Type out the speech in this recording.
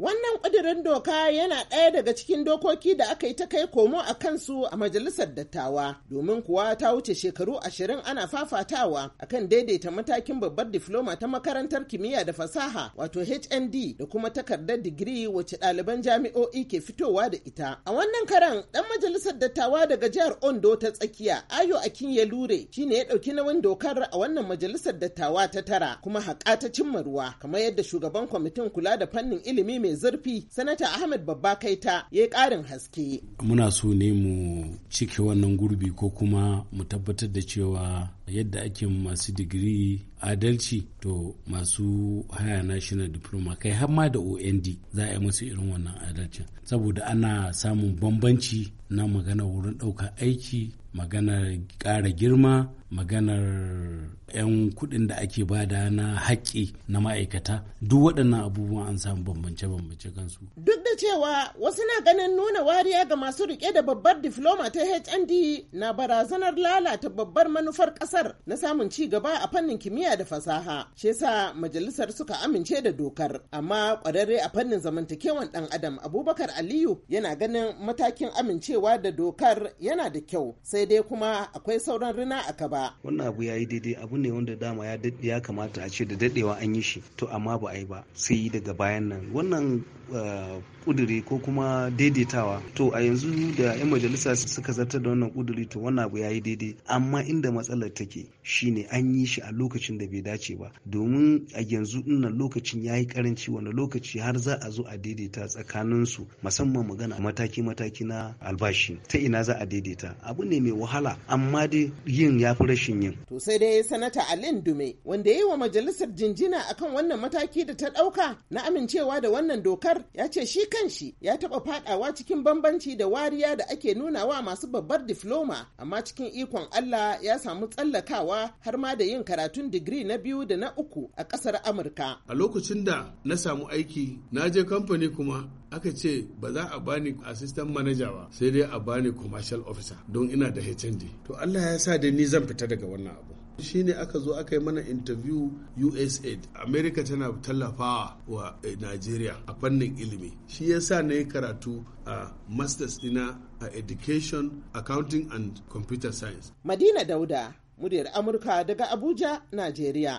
Wannan ƙudurin doka yana ɗaya daga cikin dokoki da aka yi ta kai komo a kansu a majalisar dattawa, domin kuwa ta wuce shekaru ashirin ana fafatawa akan daidaita matakin babbar difloma ta makarantar kimiyya da fasaha wato HND da kuma takardar digiri wacce ɗaliban jami'o'i ke fitowa da ita. A wannan karan ɗan majalisar dattawa daga jihar Ondo ta tsakiya Ayo akin ya Lure shine ya ɗauki nauyin dokar a wannan majalisar dattawa ta tara kuma haƙa ta cimma ruwa kamar yadda shugaban kwamitin kula da fannin ilimi mai mai zurfi sanata ahmed babba kaita ya yi ƙarin haske muna so ne mu cike wannan gurbi ko kuma mu tabbatar da cewa yadda ake masu digiri adalci to masu haya national diploma kai har ma da ond za a yi musu irin wannan adalcin saboda ana samun bambanci na magana wurin ɗaukar aiki maganar ƙara girma maganar 'yan kuɗin da ake bada na haƙƙi na ma'aikata duk waɗannan abubuwan an samu bambance-bambance kansu. Duk da cewa wasu na ganin nuna wariya ga masu riƙe da babbar difloma ta hnd na barazanar lalata babbar manufar kasar na samun ci gaba a fannin kimiyya da fasaha shi yasa majalisar suka amince da dokar amma kwararre a fannin zamantakewan dan adam abubakar aliyu yana ganin matakin amincewa da dokar yana da kyau sai dai kuma akwai sauran rina a kaba wannan abu ya yi daidai abu ne wanda dama ya ya kamata a ce da dadewa an yi shi to amma ba a yi ba sai yi daga bayan nan wannan eh, kuduri ko kuma daidaitawa to a yanzu da 'yan majalisa suka zartar da wannan kuduri to wannan abu ya yi daidai amma inda matsalar take shine an yi shi a lokacin da bai dace ba domin a yanzu ina lokacin ya yi karanci wanda lokaci har za a zo a daidaita tsakanin su musamman magana mataki mataki na albashi ta ina za a daidaita abu ne mai wahala amma dai yin ya fi rashin yin to sai dai sanata Alin Dume wanda yi wa majalisar jinjina akan wannan mataki da ta dauka na amincewa da wannan dokar ya ce shi kan shi ya taba fadawa cikin bambanci da wariya da ake nuna wa masu masu babbar difloma amma cikin ikon Allah ya samu tsallakawa har ma da yin karatun digiri na biyu da na uku a ƙasar Amurka. A lokacin da na samu aiki na je kamfani kuma aka ce ba za a bani assistant manager ba sai dai a bani commercial officer don ina da HND. To Allah ya sa da ni zan fita daga wannan abu. shi ne aka zo aka yi mana interview usaid america tana tallafawa wa eh, nigeria a fannin ilimi shi yasa na yi karatu a masters dina a education accounting and computer science madina dauda muryar amurka daga abuja nigeria